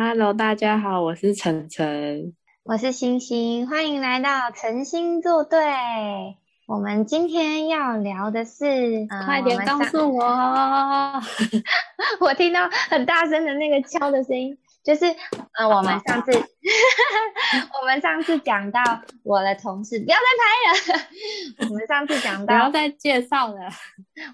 Hello，大家好，我是岑岑，我是芯芯，歡迎來到岑芯作對。我們今天要聊的是，嗯、快點告訴我， 我聽到很大聲的那個敲的聲音，就是呃、嗯、我們上次， 我們上次講到我的同事，不要再拍了， 我們上次講到不要再介紹了，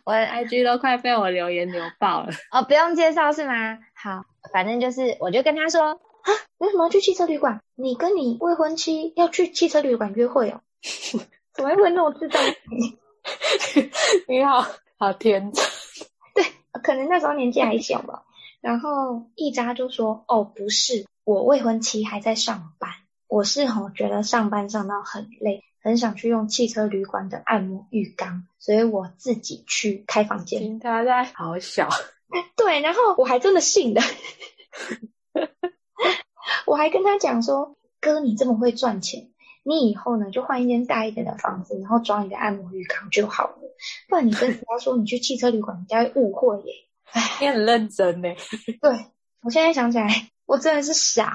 我的 IG 都快被我留言留爆了。哦， oh, 不用介紹是嗎？好。反正就是，我就跟他說啊，為什麼要去汽車旅館？你跟你未婚妻要去汽車旅館約會哦？ 怎麼會我自？未婚夫知道你，你好好天真。 對，可能那時候年紀還小吧。 然後一扎就說，哦，不是，我未婚妻還在上班，我是我覺得上班上到很累，很想去用汽車旅館的按摩浴缸，所以我自己去開房間。他在，好小。哎、對，然後我還真的信了， 我還跟他講說，哥，你這麼會賺錢，你以後呢，就換一間大一點的房子，然後裝一個按摩浴缸就好了，不然你跟人家說你去汽車旅館，人家會誤會耶。哎，你很認真呢。對，我現在想起來，我真的是傻。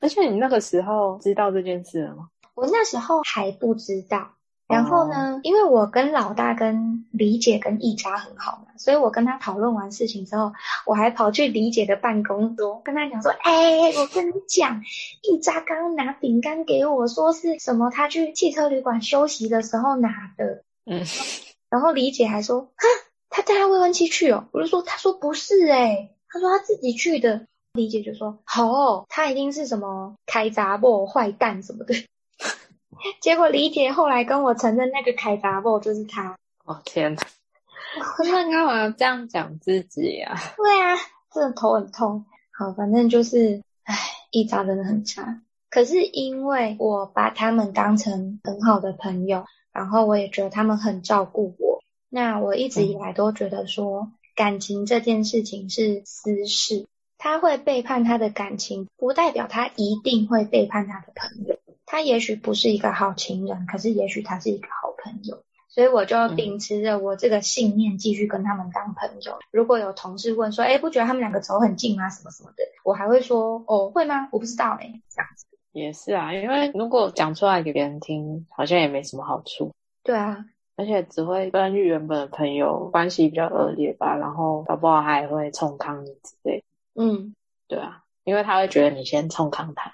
而且你那個時候知道這件事了嗎？我那時候還不知道。然後呢？Oh. 因為我跟老大、跟李姐、跟易渣很好嘛，所以我跟他討論完事情之後，我還跑去李姐的辦公桌，跟她講說：“哎、欸，我跟你講，易渣 剛，剛拿餅乾給我說是什麼？他去汽車旅館休息的時候拿的。”嗯，然後李姐還說：“哈，他帶他未婚妻去哦。”我就說：“他說不是哎、欸，他說他自己去的。”李姐就說：“好、哦，他一定是什麼開查某、壞蛋什麼的。”結果李姐後來跟我承認，那個凱撒布就是他。哦天哪！ 那幹嘛要這樣講自己呀、啊？ 對啊，真的頭很痛。好，反正就是，唉，一扎真的很差。可是因為我把他們當成很好的朋友，然後我也覺得他們很照顧我。那我一直以來都覺得說，嗯、感情這件事情是私事。他會背叛他的感情，不代表他一定會背叛他的朋友。他也許不是一個好情人，可是也許他是一個好朋友，所以我就秉持着我這個信念繼續跟他們當朋友。嗯、如果有同事問說：“哎、欸，不覺得他們兩個走很近嗎？什麼什麼的？”我還會說：“哦，會嗎？我不知道哎、欸。”這樣子也是啊，因為如果講出來給別人聽，好像也沒什麼好處。對啊，而且只會跟原本的朋友關係比較惡劣吧，然後搞不好還會沖康你之類。嗯，對啊，因為他會覺得你先沖康他。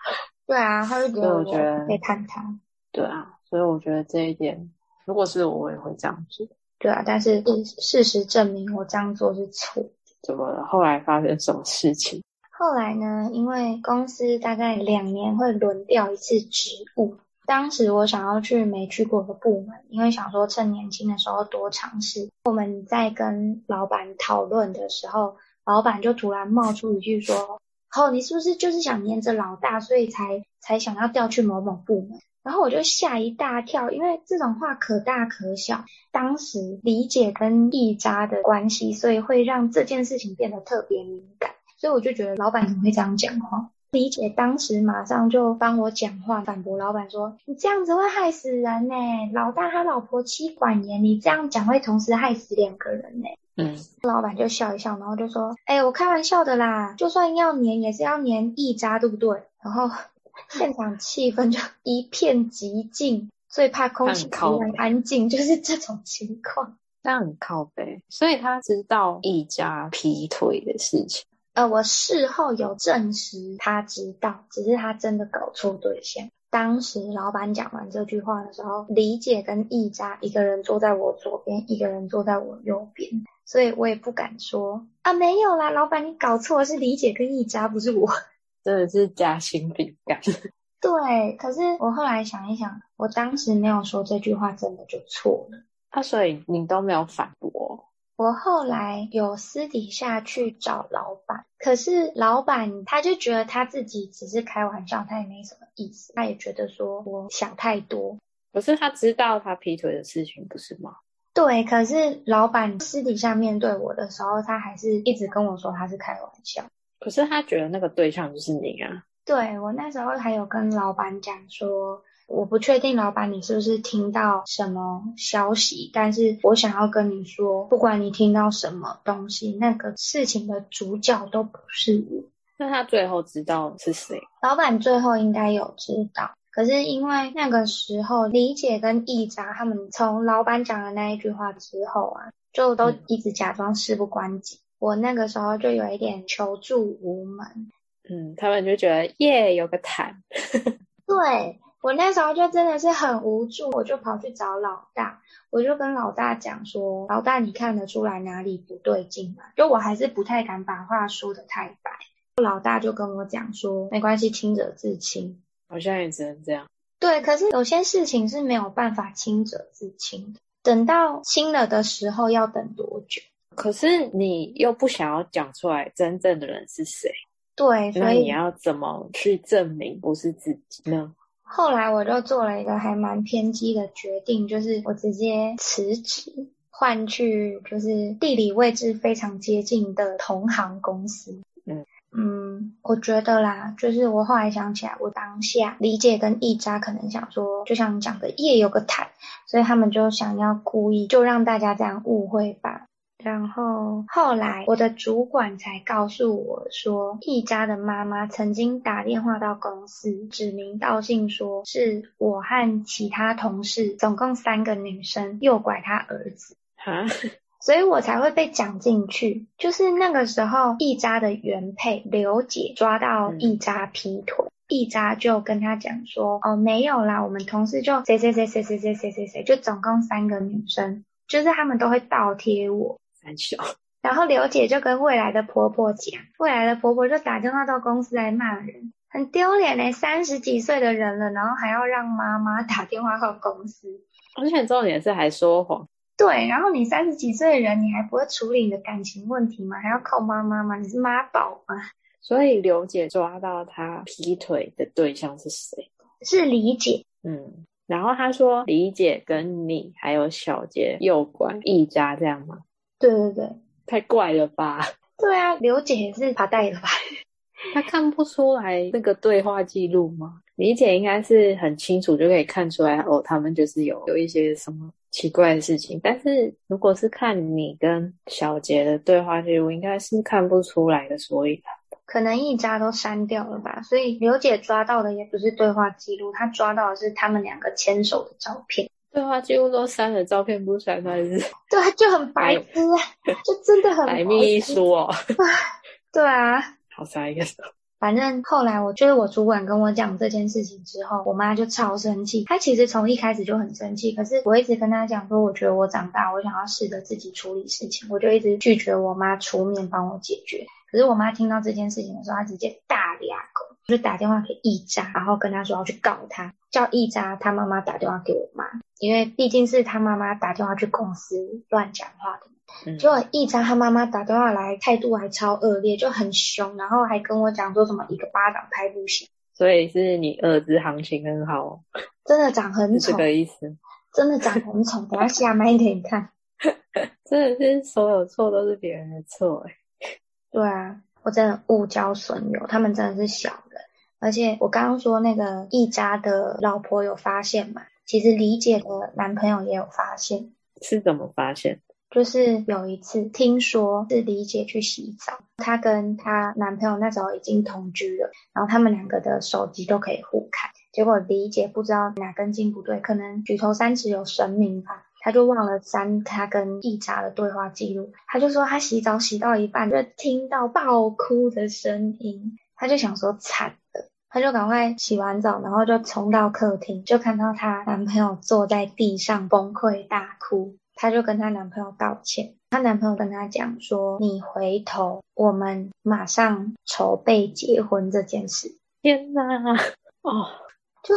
對啊，他就覺得背叛他。探探對啊，所以我覺得這一點，如果是我，我也會這樣做。對啊，但是事實證明我這樣做是錯的。怎麼了？後來發生什麼事情？後來呢？因為公司大概兩年會輪調一次職務。當時我想要去沒去過的部門，因為想說趁年輕的時候多嘗試。我們在跟老板討論的時候，老板就突然冒出一句說。然後、哦、你是不是就是想黏着老大，所以才才想要調去某某部門？然後我就嚇一大跳，因為這種話可大可小。當時李姐跟麗渣的關係，所以會讓這件事情變得特別敏感。所以我就覺得老板怎麼會這樣講話？李姐當時馬上就幫我講話，反駁老板說：“你這樣子會害死人呢、欸，老大他老婆妻管嚴，你這樣講會同時害死兩個人呢、欸。”嗯，老闆就笑一笑，然後就說：“哎，欸，我開玩笑的啦，就算要粘也是要粘一渣，對不對？”然後現場氣氛就一片寂靜，最怕空氣突然安靜，就是這種情況。那很靠北，所以他知道一渣劈腿的事情。呃，我事後有證實他知道，只是他真的搞錯對象。當時老闆講完這句話的時候，李姐跟一渣一個人坐在我左邊，一個人坐在我右邊。所以我也不敢說啊，沒有啦，老闆你搞錯了，是李姐跟易家，不是我。真的是夾心餅乾。對，可是我後來想一想，我當時沒有說這句話，真的就錯了。啊，所以你都沒有反駁？我後來有私底下去找老闆，可是老闆他就覺得他自己只是開玩笑，他也沒什麼意思，他也覺得說我想太多。可是他知道他劈腿的事情不是嗎？對，可是老闆私底下面對我的時候，他還是一直跟我說他是開玩笑。可是他覺得那個對象就是你啊。對，我那時候還有跟老闆講說，我不確定老闆你是不是聽到什麼消息，但是我想要跟你說，不管你聽到什麼東西，那個事情的主角都不是我。那他最後知道是誰？老闆最後應該有知道。可是因為那個時候，李姐跟義雜他們從老闆講的那一句話之後啊，就都一直假裝事不關己。嗯、我那個時候就有一點求助無門。嗯，他們就覺得耶，有個談。 對我那時候就真的是很無助，我就跑去找老大，我就跟老大講說：“老大，你看得出來哪裡不對勁嘛？”就我還是不太敢把話說的太白。老大就跟我講說：“沒關係，清者自清。”好像也只能這樣。對，可是有些事情是沒有辦法清者自清的。等到清了的時候，要等多久？可是你又不想要講出來，真正的人是誰？對，所以那你要怎麼去證明不是自己呢？後來我就做了一個還蠻偏激的決定，就是我直接辭職，換去就是地理位置非常接近的同行公司。我覺得啦，就是我後來想起來，我當下理解跟一家可能想說，就像你講的，夜有個坦，所以他們就想要故意就讓大家這樣誤會吧。然後後來我的主管才告訴我說，一家的媽媽曾經打電話到公司，指名道姓說是我和其他同事，總共三個女生誘拐她兒子。Huh? 所以我才會被講進去，就是那個時候，一扎的原配劉姐抓到一扎劈腿，嗯、一扎就跟她講說：“哦，沒有啦，我們同事就誰誰誰誰誰誰誰誰就總共三個女生，就是他們都會倒貼我。三球”三七然後劉姐就跟未來的婆婆講，未來的婆婆就打電話到公司來罵人，很丟臉誒三十幾歲的人了，然後還要讓媽媽打電話到公司，而且重點是還說謊。對，然後你三十幾歲的人，你還不會處理你的感情問題嗎？還要靠媽媽嗎？你是媽寶嗎？所以劉姐抓到她劈腿的對象是誰？是李姐。嗯，然後她說李姐跟你還有小杰又拐一家這樣嗎？嗯、對對對，太怪了吧？對啊，劉姐也是扒帶了吧？ 她看不出來那個對話記錄嗎？李姐應該是很清楚就可以看出來哦，他們就是有有一些什麼。奇怪的事情，但是如果是看你跟小杰的對話記錄，我應該是看不出來的，所以可能一家都刪掉了吧。所以劉姐抓到的也不是對話記錄，她抓到的是他們兩個牽手的照片。對話記錄都刪了，照片不刪，還是對、啊，就很白痴、啊，呦就真的很白秘書哦。 對啊，好下一個。反正後來我，我就是我主管跟我講這件事情之後，我媽就超生氣。她其實從一開始就很生氣，可是我一直跟她講說，我覺得我長大，我想要試着自己處理事情，我就一直拒絕我媽出面幫我解決。可是我媽聽到這件事情的時候，她直接大牙根，就打電話給易渣，然後跟他說要去告他，叫易渣他媽媽打電話給我媽，因為畢竟是他媽媽打電話去公司亂講話的。就一家，他媽媽打電話來，態度還超惡劣，就很凶，然後還跟我講說什麼一個巴掌拍不響。所以是你兒子行情很好哦。真的長很醜，這個意思。真的長很醜，等一下，下麥給你看。 真的是所有錯都是別人的錯哎。對啊，我真的誤交損友，他們真的是小人。而且我剛剛說那個一家的老婆有發現嘛？其實李姐的男朋友也有發現。是怎麼發現？就是有一次聽說是李姐去洗澡，她跟她男朋友那時候已經同居了，然後他們兩個的手機都可以互看。結果李姐不知道哪根筋不對，可能舉頭三尺有神明吧，她就忘了刪她跟一扎的對話記錄。她就說她洗澡洗到一半就聽到爆哭的聲音，她就想說慘了，她就趕快洗完澡，然後就衝到客廳，就看到她男朋友坐在地上崩潰大哭。她就跟她男朋友道歉，她男朋友跟她講說：“你回頭，我們馬上籌備結婚這件事。”天吶！哦，就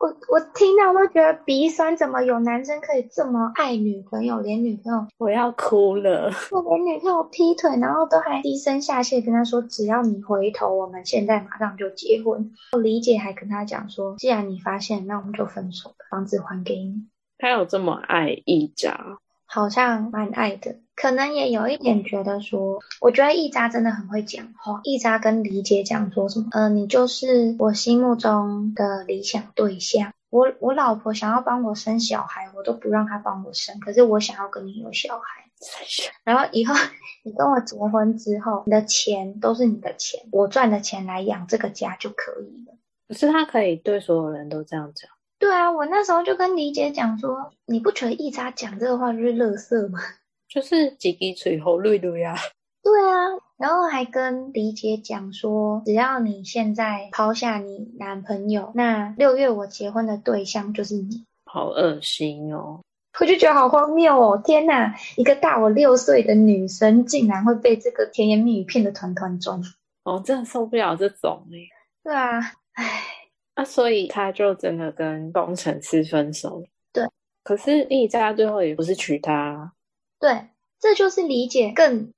我我聽到都覺得鼻酸，怎麼有男生可以這麼愛女朋友？連女朋友我要哭了，我連女朋友劈腿，然後都還低聲下氣跟他說：“只要你回頭，我們現在馬上就結婚。”李姐還跟他講說：“既然你發現，那我們就分手，房子還給你。”他有這麼愛一家，好像蠻愛的，可能也有一點覺得說，我覺得一家真的很會講話。一家跟李姐講說什麼？呃，你就是我心目中的理想對象。我我老婆想要幫我生小孩，我都不讓她幫我生。可是我想要跟你有小孩， 然後以後你跟我結婚之後，你的錢都是你的錢，我賺的錢來養這個家就可以了。可是他可以對所有人都這樣講？對啊，我那時候就跟李姐講說，你不覺得一直講這個話是垃圾就是樂色嗎？就是自己嘴紅綠的呀。對啊，然後還跟李姐講說，只要你現在拋下你男朋友，那六月我結婚的對象就是你。好噁心哦！我就覺得好荒謬哦！天哪，一個大我六歲的女生，竟然會被這個甜言蜜語騙得團團轉。我、哦、真的受不了這種嘞。對啊，唉。啊，所以他就真的跟工程師分手。對，可是你在他最後也不是娶她啊。對，這就是理解更怎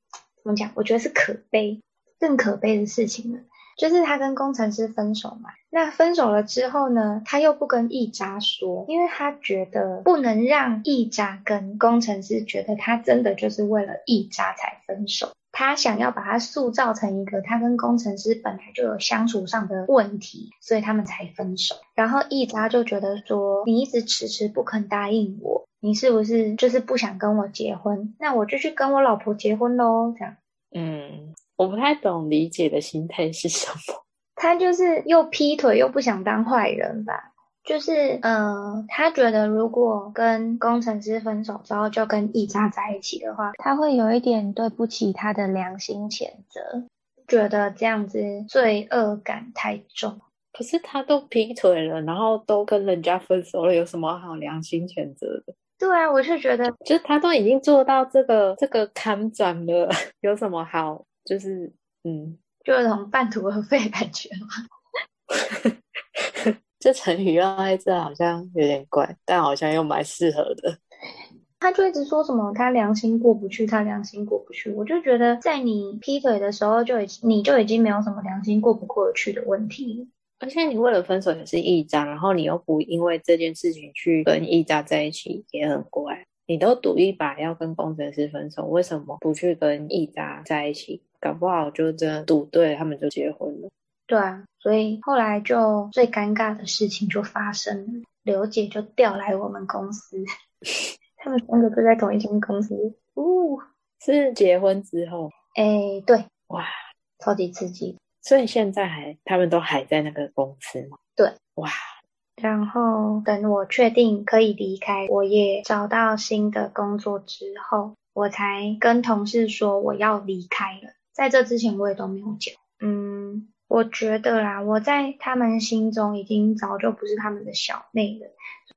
麼講？我覺得是可悲，更可悲的事情了。就是他跟工程師分手嘛，那分手了之後呢，他又不跟易渣說，因為他覺得不能讓易渣跟工程師覺得他真的就是為了易渣才分手，他想要把他塑造成一個他跟工程師本來就有相處上的問題，所以他們才分手。然後易渣就覺得說，你一直遲遲不肯答應我，你是不是就是不想跟我結婚？那我就去跟我老婆結婚嘍。這樣，嗯。我不太懂理解的心態是什麼？他就是又劈腿又不想當壞人吧？就是，嗯、呃，他覺得如果跟工程師分手之後就跟一家在一起的話，他會有一點對不起他的良心譴責，覺得這樣子罪惡感太重。可是他都劈腿了，然後都跟人家分手了，有什麼好良心譴責的？對啊，我就覺得，就是他都已經做到這個這個看轉了，有什麼好？就是，嗯，就有種半途而廢感覺 這成語用在這好像有點怪，但好像又蠻適合的。他就一直說什麼他良心過不去，他良心過不去。我就覺得，在你劈腿的時候，就已經你就已經沒有什麼良心過不過去的問題。而且你為了分手，也是一家，然後你又不因為這件事情去跟一家在一起，也很怪。你都賭一把要跟工程師分手，為什麼不去跟易達在一起？搞不好就真的賭對，他們就結婚了。對啊，所以後來就最尷尬的事情就發生了，劉姐就調來我們公司， 他們三個都在同一間公司。哦，是結婚之後？哎，對，哇，超級刺激。所以現在還他們都還在那個公司嗎？對，哇。然後等我確定可以離開，我也找到新的工作之後，我才跟同事說我要離開了。在這之前，我也都沒有講。嗯，我覺得啦，我在他們心中已經早就不是他們的小妹了。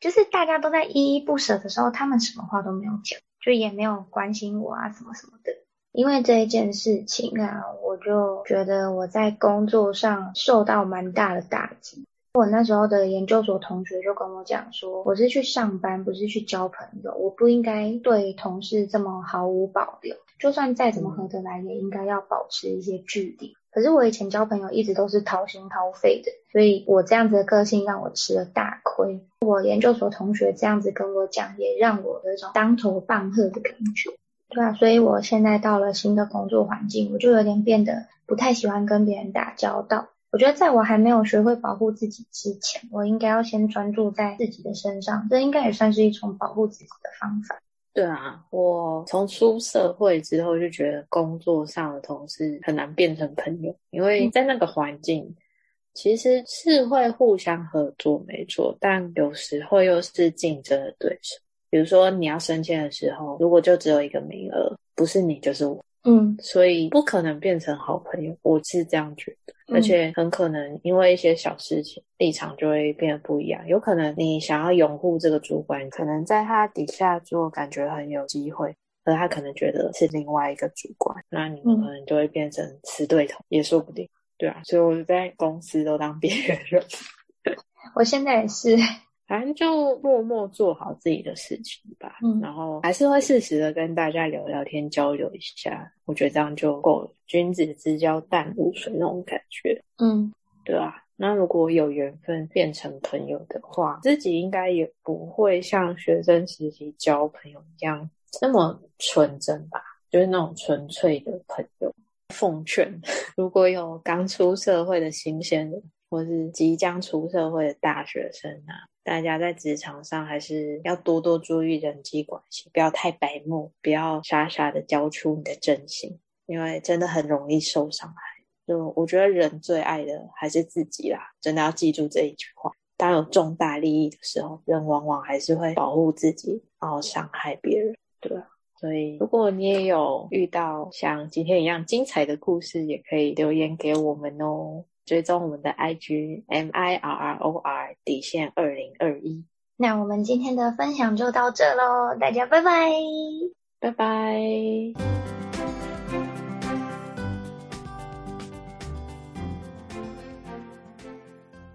就是大家都在依依不捨的時候，他們什麼話都沒有講，就也沒有關心我啊，什麼什麼的。因為這一件事情啊，我就覺得我在工作上受到蠻大的打擊。我那時候的研究所同學就跟我講說，我是去上班，不是去交朋友，我不應該對同事這麼毫無保留，就算再怎麼合得來，也應該要保持一些距離。可是我以前交朋友一直都是掏心掏肺的，所以我這樣子的個性讓我吃了大虧。我研究所同學這樣子跟我講，也讓我有一種當頭棒喝的感覺。對啊，所以我現在到了新的工作環境，我就有點變得不太喜歡跟別人打交道。我覺得在我還沒有學會保護自己之前，我應該要先專注在自己的身上，這應該也算是一種保護自己的方法。對啊，我從出社會之後就覺得工作上的同事很難變成朋友，因為在那個環境，嗯，其實是會互相合作沒錯，但有時候又是競爭的對手。比如說你要升遷的時候，如果就只有一個名額，不是你就是我。嗯，所以不可能變成好朋友，我是這樣覺得，嗯、而且很可能因為一些小事情，立場就會變得不一樣。有可能你想要擁護這個主管，可能在他底下做感覺很有機會，而他可能覺得是另外一個主管，那你們可能就會變成死對頭、嗯、也說不定，對啊，所以我在公司都當邊緣人了，我現在也是。反正就默默做好自己的事情吧，嗯、然後還是會適時的跟大家聊聊天、交流一下，我覺得這樣就夠了。君子之交淡如水那種感覺，嗯，對啊。那如果有緣分變成朋友的話，自己應該也不會像學生時期交朋友一樣那麼純真吧？就是那種純粹的朋友。奉勸如果有剛出社會的新鮮人，或是即將出社會的大學生啊。大家在職場上還是要多多注意人際關係，不要太白目，不要傻傻的交出你的真心，因為真的很容易受傷害。就我覺得人最愛的還是自己啦，真的要記住這一句話。當有重大利益的時候，人往往還是會保護自己，然後傷害別人。對啊，所以如果你也有遇到像今天一樣精彩的故事，也可以留言給我們哦。追蹤我們的 IG M I R R O R 底線二零二一。那我們今天的分享就到這嘍，大家拜拜，拜拜。